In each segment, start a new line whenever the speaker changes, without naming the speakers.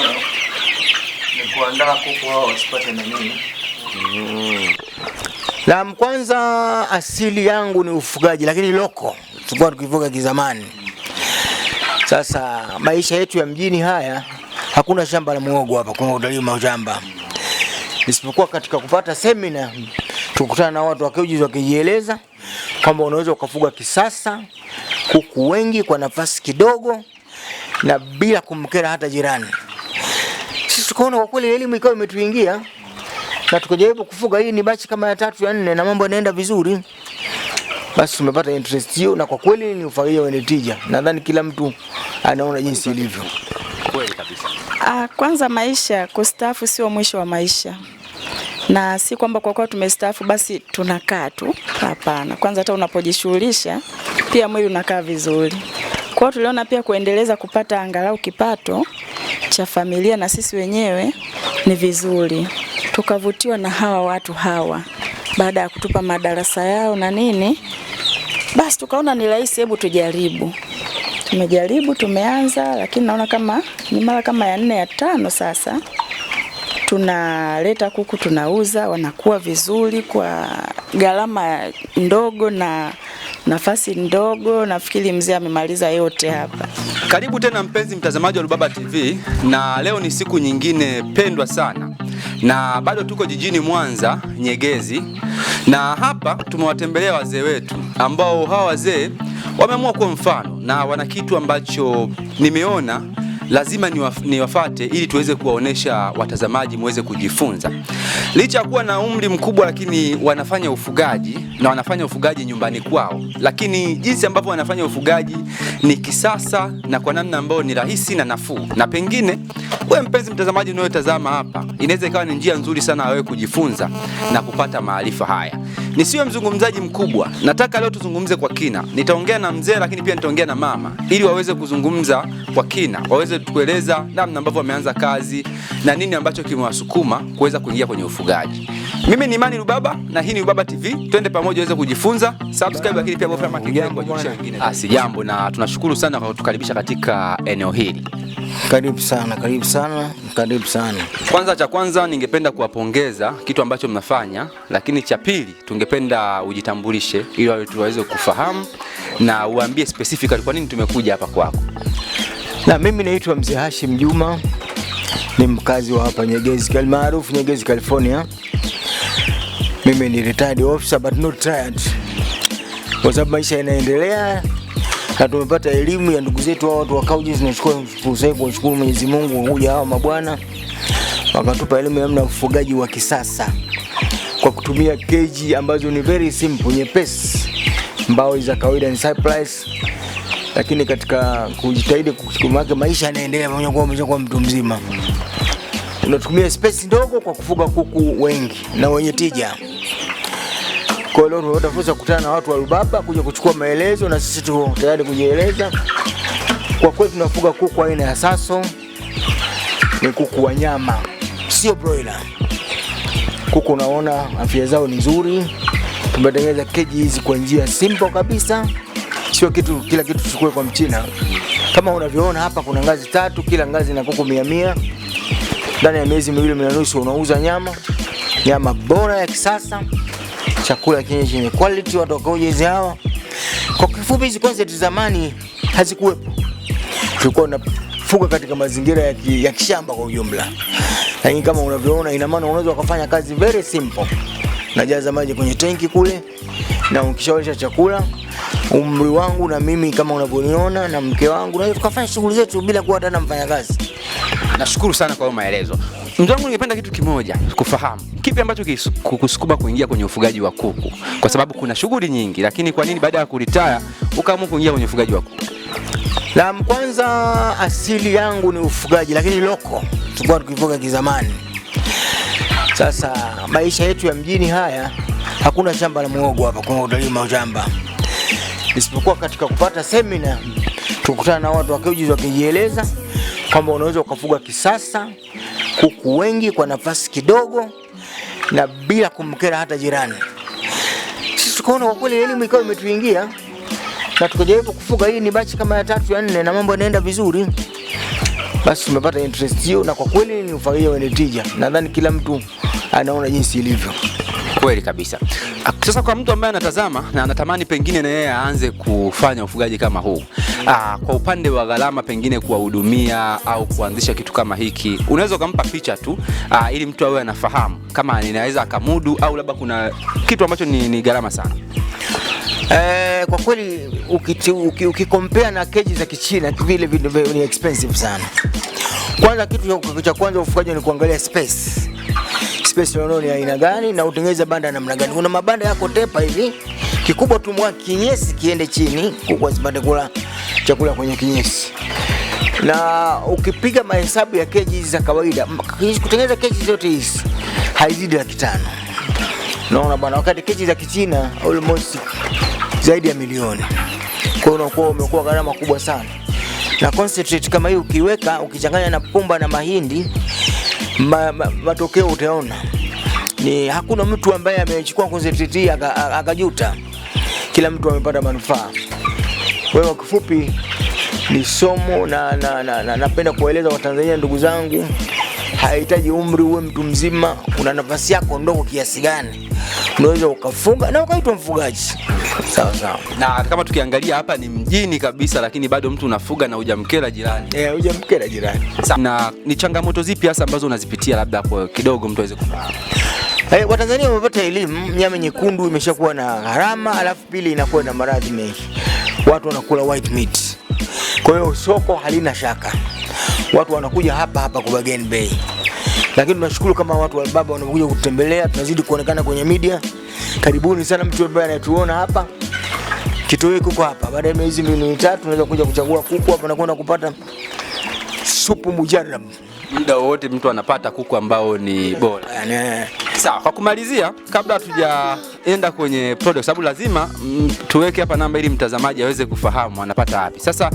wenyewe ni kuandaa kuku wasipate nini.
Mm. kwanza asili yangu ni ufugaji, lakini loko tulikuwa tukivuga kizamani. Sasa maisha yetu ya mjini haya, hakuna shamba la muogo hapa, kuna utalima shamba, isipokuwa katika kupata semina tukutana na watu wakiujiza, wakijieleza kwamba unaweza ukafuga kisasa kuku wengi kwa nafasi kidogo na bila kumkera hata jirani sisi tukaona kwa kweli elimu ikawa imetuingia na tukajaribu kufuga. Hii ni bachi kama ya tatu ya nne, na mambo yanaenda vizuri, basi tumepata interest hiyo, na kwa kweli ni ufaria wenye tija. Nadhani kila mtu anaona jinsi ilivyo.
Kweli kabisa.
Ah, kwanza maisha, kustaafu sio mwisho wa maisha na si kwamba kwa kuwa tumestaafu basi tunakaa tu. Hapana, kwanza hata unapojishughulisha pia mwili unakaa vizuri. Kwa hiyo tuliona pia kuendeleza kupata angalau kipato cha familia na sisi wenyewe ni vizuri, tukavutiwa na hawa watu hawa baada ya kutupa madarasa yao na nini, basi tukaona ni rahisi, hebu tujaribu. Tumejaribu, tumeanza, lakini naona kama ni mara kama ya nne ya tano sasa tunaleta kuku tunauza, wanakuwa vizuri kwa gharama ndogo na nafasi ndogo, nafikiri mzee amemaliza yote hapa.
Karibu tena mpenzi mtazamaji wa Rubaba TV, na leo ni siku nyingine pendwa sana, na bado tuko jijini Mwanza Nyegezi, na hapa tumewatembelea wazee wetu ambao hawa wazee wameamua kuwa mfano na wana kitu ambacho nimeona lazima niwafate ili tuweze kuwaonesha watazamaji muweze kujifunza. Licha ya kuwa na umri mkubwa, lakini wanafanya ufugaji na wanafanya ufugaji nyumbani kwao, lakini jinsi ambavyo wanafanya ufugaji ni kisasa na kwa namna ambayo ni rahisi na nafuu, na pengine wewe mpenzi mtazamaji unayotazama hapa, inaweza ikawa ni njia nzuri sana wewe kujifunza na kupata maarifa haya. Nisiwe mzungumzaji mkubwa, nataka leo tuzungumze kwa kina. Nitaongea na mzee, lakini pia nitaongea na mama ili waweze kuzungumza kwa kina, waweze kueleza namna ambavyo wameanza kazi na nini ambacho kimewasukuma kuweza kuingia kwenye ufugaji. Mimi ni Imani Rubaba na hii ni Rubaba TV. Twende pamoja uweze kujifunza. Subscribe lakini pia bofya makengelengo kwa wengine.
Ah, si jambo na tunashukuru sana kwa kutukaribisha katika eneo hili.
Karibu sana, karibu sana, karibu sana.
Kwanza, cha kwanza ningependa kuwapongeza kitu ambacho mnafanya, lakini cha pili tungependa ujitambulishe ili waweze kufahamu na uambie specifically kwa nini tumekuja hapa kwako.
Na mimi naitwa Mzee Hashim Juma, ni mkazi wa hapa Nyegezi, maarufu Nyegezi, California. Mimi ni retired officer but not tired, kwa sababu maisha yanaendelea na tumepata elimu ya ndugu zetu hao watu wa Kaujis. Tunachukua kuwashukuru Mwenyezi Mungu, huja hao mabwana wakatupa elimu ya namna ufugaji wa kisasa kwa kutumia keji ambazo ni very simple, nyepesi, mbao za kawaida ni surprise, lakini katika kujitahidi kusukuma yake maisha yanaendelea pamoja kwa mmoja kwa mtu mzima. Unatumia space ndogo kwa kufuga kuku wengi na wenye tija. Kwa hiyo leo tunapata fursa kukutana na watu wa Rubaba kuja kuchukua maelezo, na sisi tuko tayari kujieleza. Kwa kweli tunafuga kuku aina ya Saso, ni kuku wa nyama, sio broiler. Kuku unaona afya zao ni nzuri, tumetengeneza keji hizi kwa njia simple kabisa, sio kitu kila kitu tuchukue kwa mchina. Kama unavyoona hapa, kuna ngazi tatu, kila ngazi na kuku mia mia. Ndani ya miezi miwili na nusu unauza nyama, nyama bora ya kisasa chakula kenye chenye quality watokaujezi hawa. Kwa kifupi, hizi concept zamani hazikuwepo, tulikuwa tunafuga katika mazingira ya, ki, ya kishamba kwa ujumla, lakini kama unavyoona, ina maana unaweza kufanya kazi very simple. Najaza maji kwenye tenki kule na ukishawalisha chakula umri wangu na mimi kama unavyoniona na mke wangu, na tukafanya shughuli zetu bila kuwa hata mfanyakazi.
Nashukuru sana kwa maelezo. Mzee ningependa kitu kimoja kufahamu, kipi ambacho kukusukuma kuingia kwenye ufugaji wa kuku? Kwa sababu kuna shughuli nyingi, lakini kwa nini baada ya kuritaya ukaamua kuingia kwenye ufugaji wa kuku?
Naam, kwanza asili yangu ni ufugaji, lakini loko tulikuwa tukifuga kizamani. Sasa maisha yetu ya mjini haya, hakuna shamba la muogo hapa, kuna utalima shamba, isipokuwa katika kupata semina tukutana na watu wakiujiza wakijieleza kwamba unaweza ukafuga kisasa kuku wengi kwa nafasi kidogo na bila kumkera hata jirani. Sisi tukaona kwa kweli elimu ikawa imetuingia na tukajaribu kufuga. Hii ni bachi kama ya tatu ya nne, na mambo yanaenda vizuri. Basi tumepata interest hiyo, na kwa kweli ni ufagia wenye tija. Nadhani kila mtu anaona jinsi ilivyo.
Kweli kabisa. Ah, sasa kwa mtu ambaye anatazama na anatamani pengine na yeye aanze kufanya ufugaji kama huu, aa, ah, kwa upande wa gharama pengine kuwahudumia au kuanzisha kitu kama hiki, unaweza ukampa picha tu aa, ah, ili mtu awe anafahamu kama ninaweza akamudu au labda kuna kitu ambacho ni, ni gharama sana.
Eh, kwa kweli ukikompea na keji za Kichina vile vile ni expensive sana. Kwanza kitu cha kwanza ufugaji ni kuangalia space space unao ni aina gani na utengeneze banda namna gani. Kuna mabanda yako tepa hivi, kikubwa tu mwa kinyesi kiende chini, kuku zipate kula chakula kwenye kinyesi. Na ukipiga mahesabu ya keji hizi za kawaida, kutengeneza keji zote hizi haizidi laki tano. Naona bwana, wakati keji za Kichina almost zaidi ya milioni. Kwa hiyo unakuwa umekuwa gharama kubwa sana, na concentrate kama hii ukiweka ukichanganya na pumba na mahindi ma, ma, matokeo utaona ni hakuna mtu ambaye amechukua KZT akajuta, kila mtu amepata manufaa. Kwa hiyo kifupi ni somo na napenda na, na, na, na kuwaeleza Watanzania ndugu zangu, hahitaji umri uwe mtu mzima. Una nafasi yako ndogo kiasi gani, unaweza ukafunga na ukaitwa mfugaji.
Sawa sawa. Na kama tukiangalia hapa ni mjini kabisa, lakini bado mtu unafuga na hujamkera jirani.
Eh, hujamkera jirani.
Sawa. Na ni changamoto zipi hasa ambazo unazipitia labda hapo kidogo mtu aweze kufahamu?
Eh, Watanzania wamepata elimu, nyama nyekundu imeshakuwa na gharama, alafu pili inakuwa na maradhi mengi. Watu wanakula white meat. Kwa hiyo soko halina shaka. Watu wanakuja hapa hapa kwa Bagen Bay. Lakini tunashukuru kama watu wa Baba wanakuja kututembelea, tunazidi kuonekana kwenye media. Karibuni sana mtu ambaye anatuona hapa. Kitoweo kuko hapa. Baada ya miezi miwili mitatu unaweza kuja kuchagua kuku hapa na kwenda kupata supu mujarab.
Muda wote mtu anapata kuku ambao ni bora. Yaani, eh. Sawa, kwa kumalizia, kabla hatujaenda kwenye product, sababu lazima tuweke hapa namba ili mtazamaji aweze kufahamu anapata wapi. Sasa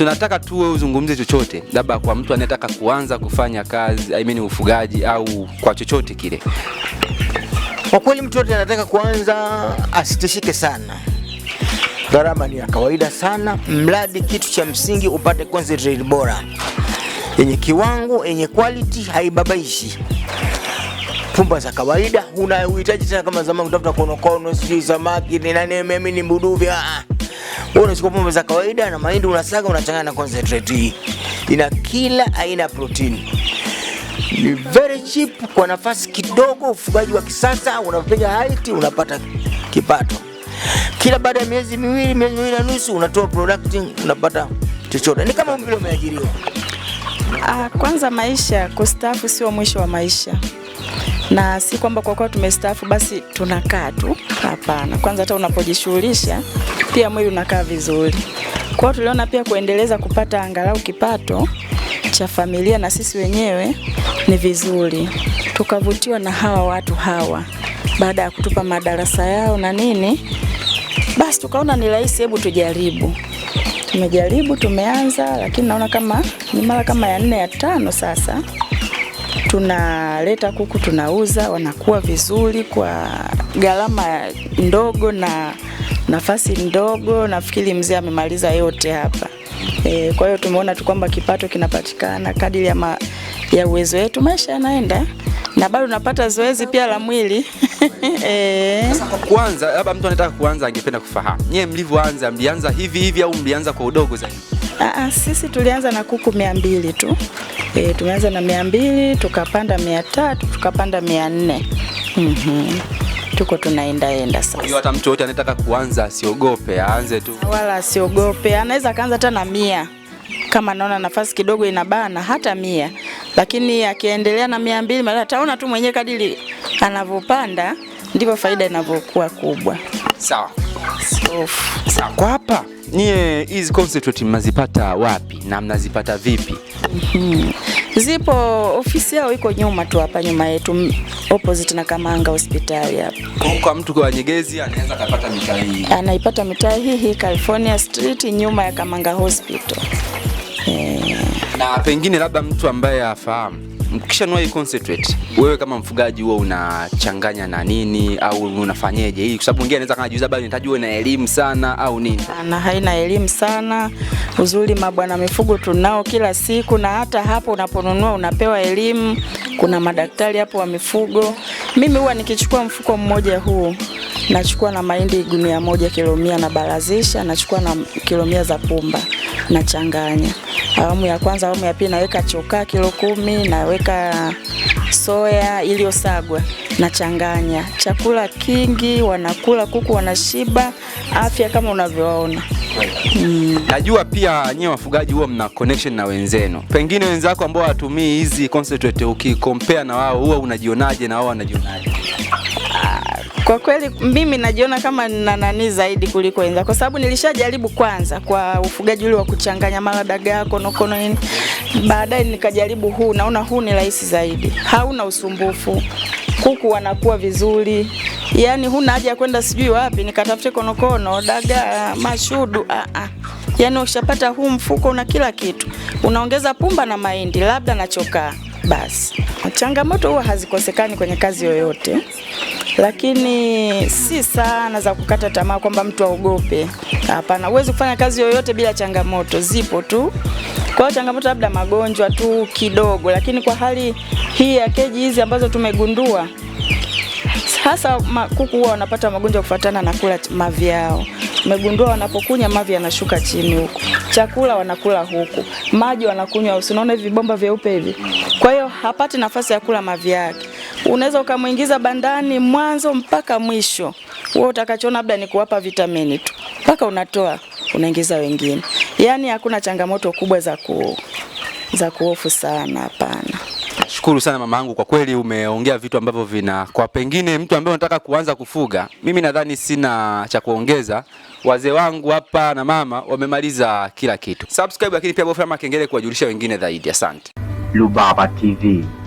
tunataka tu wewe uzungumze chochote, labda kwa mtu anayetaka kuanza kufanya kazi I mean ufugaji au kwa chochote kile.
Kwa kweli mtu yote anataka kuanza asitishike sana, gharama ni ya kawaida sana, mradi kitu cha msingi upate concentrate bora yenye kiwango, yenye quality, haibabaishi pumba za kawaida. unauhitaji uhitaji tena kama zamani kutafuta konokono, sijui samaki ni nani, mimi ni mbuduvi. Ah, ah. Wewe unachukua pombe za kawaida na mahindi unasaga, unachanganya na concentrate hii. Ina kila aina ya protein. Ni very cheap kwa nafasi kidogo, ufugaji wa kisasa, unapiga height, unapata kipato. Kila baada ya miezi miwili, miezi miwili na nusu unatoa product, unapata chochote. Ni kama vile umeajiriwa.
Ah, kwanza maisha, kustaafu sio mwisho wa maisha na si kwamba kwa kuwa tumestaafu basi tunakaa tu. Hapana, kwanza hata unapojishughulisha pia mwili unakaa vizuri. Kwa hiyo tuliona pia kuendeleza kupata angalau kipato cha familia na sisi wenyewe ni vizuri. Tukavutiwa na hawa watu hawa, baada ya kutupa madarasa yao na nini, basi tukaona ni rahisi, hebu tujaribu. Tumejaribu, tumeanza, lakini naona kama ni mara kama ya nne ya tano sasa tunaleta kuku tunauza, wanakuwa vizuri kwa gharama ndogo na nafasi ndogo. Nafikiri mzee amemaliza yote hapa e. Kwa hiyo tumeona tu kwamba kipato kinapatikana kadiri ya, ma, ya uwezo wetu, maisha yanaenda na bado unapata zoezi pia la mwili e. Sasa
kwa kuanza, labda mtu anataka kuanza, angependa kufahamu nyie mlivyoanza, mlianza hivi hivi au mlianza kwa udogo zaidi?
Aa, ah, ah, sisi tulianza na kuku mia mbili tu E, tumeanza na mia mbili tukapanda mia tatu tukapanda mia nne mm -hmm. Tuko tunaendaenda sasa. Kwa
hiyo hata mtu yoyote anataka kuanza asiogope, aanze tu,
wala asiogope. Anaweza akaanza hata na mia kama naona nafasi kidogo inabana, hata mia, lakini akiendelea na mia mbili ataona tu mwenyewe kadiri anavyopanda ndivyo faida inavyokuwa kubwa.
Sawa. So, sawa. Kwa hapa nyie hizi concentrate mnazipata wapi na mnazipata vipi?
Mm -hmm. Zipo ofisi yao iko nyuma tu hapa nyuma yetu opposite na Kamanga hospitali hapa.
Kwa mtu wa Nyegezi anaweza kupata mitaa hii.
Anaipata mitaa hii hii California Street nyuma ya Kamanga Hospital. E.
Na pengine labda mtu ambaye afahamu mkishanua hii concentrate, wewe kama mfugaji huwa unachanganya na nini au unafanyeje hii? Kwa sababu mwingine anaweza kanajiuliza bado uwe na elimu sana au nini?
Na haina elimu sana. Uzuri mabwana mifugo tunao kila siku, na hata hapo unaponunua unapewa elimu. Kuna madaktari hapo wa mifugo. Mimi huwa nikichukua mfuko mmoja huu nachukua na mahindi gunia moja kilomia na barazisha nachukua na kilomia za pumba nachanganya awamu ya kwanza, awamu ya pili naweka chokaa kilo kumi, naweka soya iliyosagwa nachanganya. Chakula kingi wanakula, kuku wanashiba, afya kama unavyoona.
Mm. Najua pia nyewe wafugaji huwa mna connection na wenzenu, pengine wenzako ambao watumii hizi concentrate, ukikompea na wao huwa unajionaje na wao wanajionaje?
Kwa kweli mimi najiona kama nina nani zaidi kuliko wenzangu, kwa sababu nilishajaribu kwanza kwa ufugaji ule wa kuchanganya mara dagaa konokono nini, baadaye nikajaribu huu, naona huu ni rahisi zaidi, hauna usumbufu, kuku wanakuwa vizuri, yaani huna haja ya kwenda sijui wapi nikatafute konokono, dagaa, mashudu a a, yaani ushapata huu mfuko, una kila kitu, unaongeza pumba na mahindi labda na chokaa basi. Changamoto huwa hazikosekani kwenye kazi yoyote, lakini si sana za kukata tamaa kwamba mtu aogope. Hapana, huwezi kufanya kazi yoyote bila changamoto, zipo tu. Kwa hiyo changamoto labda magonjwa tu kidogo, lakini kwa hali hii ya keji hizi ambazo tumegundua hasa kuku huwa wanapata magonjwa kufuatana na kula mavyao. Umegundua wanapokunywa mavi yanashuka chini huku, chakula wanakula huku, maji wanakunywa, usinaona hivi vibomba vyeupe hivi. Kwa hiyo hapati nafasi ya kula mavi yake. Unaweza ukamwingiza bandani mwanzo mpaka mwisho, wewe utakachoona labda ni kuwapa vitamini tu, mpaka unatoa unaingiza wengine. Yaani hakuna changamoto kubwa za ku za kuhofu sana, hapana.
Shukuru sana mama yangu, kwa kweli umeongea vitu ambavyo vina kwa pengine mtu ambaye unataka kuanza kufuga. Mimi nadhani sina cha kuongeza, wazee wangu hapa na mama wamemaliza kila kitu. Subscribe, lakini pia bofya kengele kuwajulisha wengine zaidi. Asante.
lubaba TV.